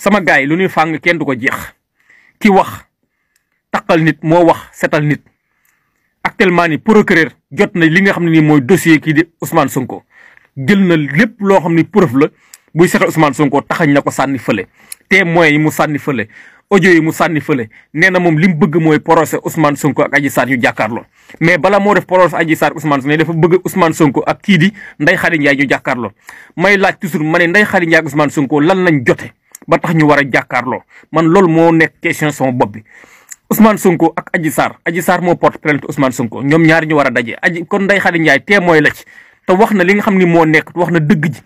sama gaay lu ñuy fàng kenn du ko jeex ki wax taqal nit moo wax setal nit actuellement ni procureur jot na li nga xam ne nii mooy dossier kii di Ousmane Sonko jël na lépp loo xam ni preuve la buy setal Ousmane Sonko taxañ na ko sànni fële témoins yi mu sànni fële audio yi mu sànni fële nee na moom li mu bëgg mooy procès Ousmane Sonko ak Adji Sarr ñu jàkkaarloo mais bala moo def procès Adji Sarr Ousmane Sonko dafa bëgg Ousmane Sonko ak kii di Ndeye Khady Ndiaye ñu jàkkaarloo may laaj toujours ma ne Ndeye Khady Ndiaye ak Ousmane Sonko lan jote ba tax ñu war a jàkkaarloo man loolu moo nekk question sama bopp bi Ousmane Sonko ak Adji saar Adji saar moo porte plainte Ousmane Sonko ñoom ñaari ñu war a daje aji kon Ndeye Khady Ndiaye témoin la ci te wax na li nga xam ni moo nekk wax na dëgg ji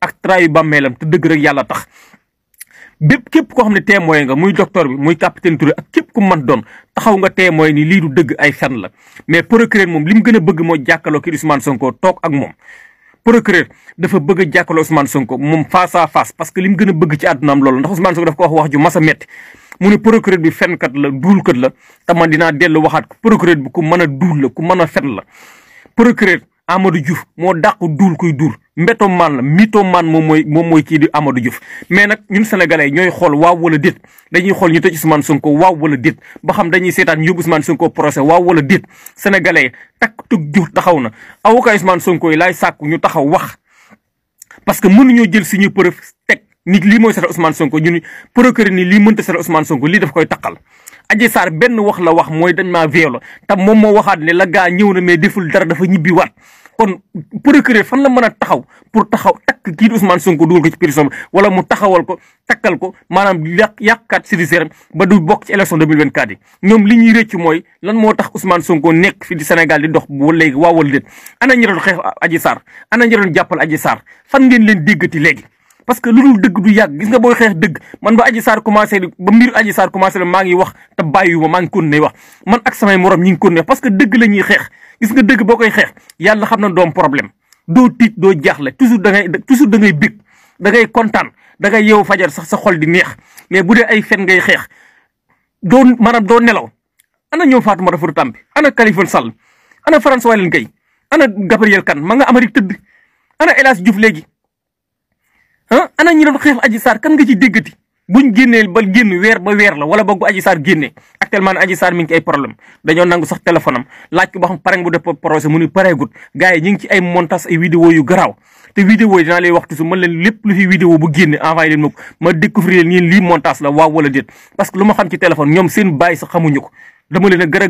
ak trahi bàmmeelam te dëgg rek yàlla tax bépp képp koo xam ne témoin nga muy docteur bi muy capitaine Touré ak képp ku man doon taxaw nga témoin ni lii du dëgg ay fen la mais procureur moom li mu gën a bëgg moo jàkkaloo ki Ousmane Sonko toog ak moom procureur dafa bëgg a jàkkaarloo Ousmane Sonko moom face à face parce que li mu gën a bëgg ci lool loolu ndax Ousmane Sonko dafa ko wax wax ju mas a metti mu ne procureur bi fenkat la duulkat la te man dinaa dellu waxaat ko procureur bi ku mën a duul la ku mën a fen la procureur Amadou Diouf moo dàq duul koy duul mbeto maan la mito maan moom mooy moom mooy kii di Amadou Diouf mais nag ñun sénégalais ñooy xool waaw wala déet dañuy xool ñu tëj Ousmane Sonko waaw wala déet ba xam dañuy seetaan ñu yóbbu Ousmane Sonko procès waaw wala déet sénégalais takk tug jur taxaw na avocat Ousmane Sonko yi laay sàkku ñu taxaw wax parce que mënuñoo jël suñuy preuve teg nit lii mooy setal Ousmane Sonko ñun procureur ni lii mënta setal Ousmane Sonko lii daf koy taqal Adji Sarr benn wax la wax mooy dañ maa violé te moom moo waxaat ne la gaa ñëw na mais deful dara dafa ñibbi waat kon procureur fan la mën a taxaw pour taxaw takk kii di Sonko dugal ko ci prison bi wala mu taxawal ko takkal ko maanaam yàq yàqaat judiciaire ba du bokk ci élection 2024 yi ñoom li ñuy rëcc mooy lan moo tax Ousmane Sonko nekk fi di Sénégal di dox bu léegi waawal déet ana ñi doon xeex Adji Sarr ana ñi doon jàppal Adji Sarr fan ngeen leen déggati léegi parce que lu dul dëgg du yàgg gis nga booy xeex dëgg man ba aji saar commencé ba mbir aji saar commencé maa ngi wax te bàyyiwuma maa ngi continué wax man ak samay morom ñi ngi continué wax parce que dëgg la xeex gis nga dëgg boo koy xeex yàlla xam na doom problème doo tiit doo jaaxle toujours da ngay toujours da ngay bég da ngay kontaan da ngay yeewu fajar sax sa xol di neex mais bu dee ay fen ngay xeex doo a doo nelaw ana ñoom Fatoumata Fouta Tampi ana Khalifa Sall ana François Hélène Gaye ana Gabriel Kane ma nga Amérique tëdd ana El Hadj léegi ah ana ñi doon xeex Adji Sarr kan nga ci déggati buñ génnee ba génn weer ba weer la wala boog bu Adji Sarr génnee actuellement ne Adji Sarr ay problème dañoo nangu sax téléphone am laaj ko ba xam pare bu def projet mu ni pareegut gars yi ñu ngi ci ay montage ay vidéo yu garaaw te vidéo yi dinaa lay waxtu su mën leen lépp lu fi vidéo bu génne envoyé leen ma ko ma découvrir leen lii montage la waaw wala déet parce que lu ma xam ci téléphone ko dama leen a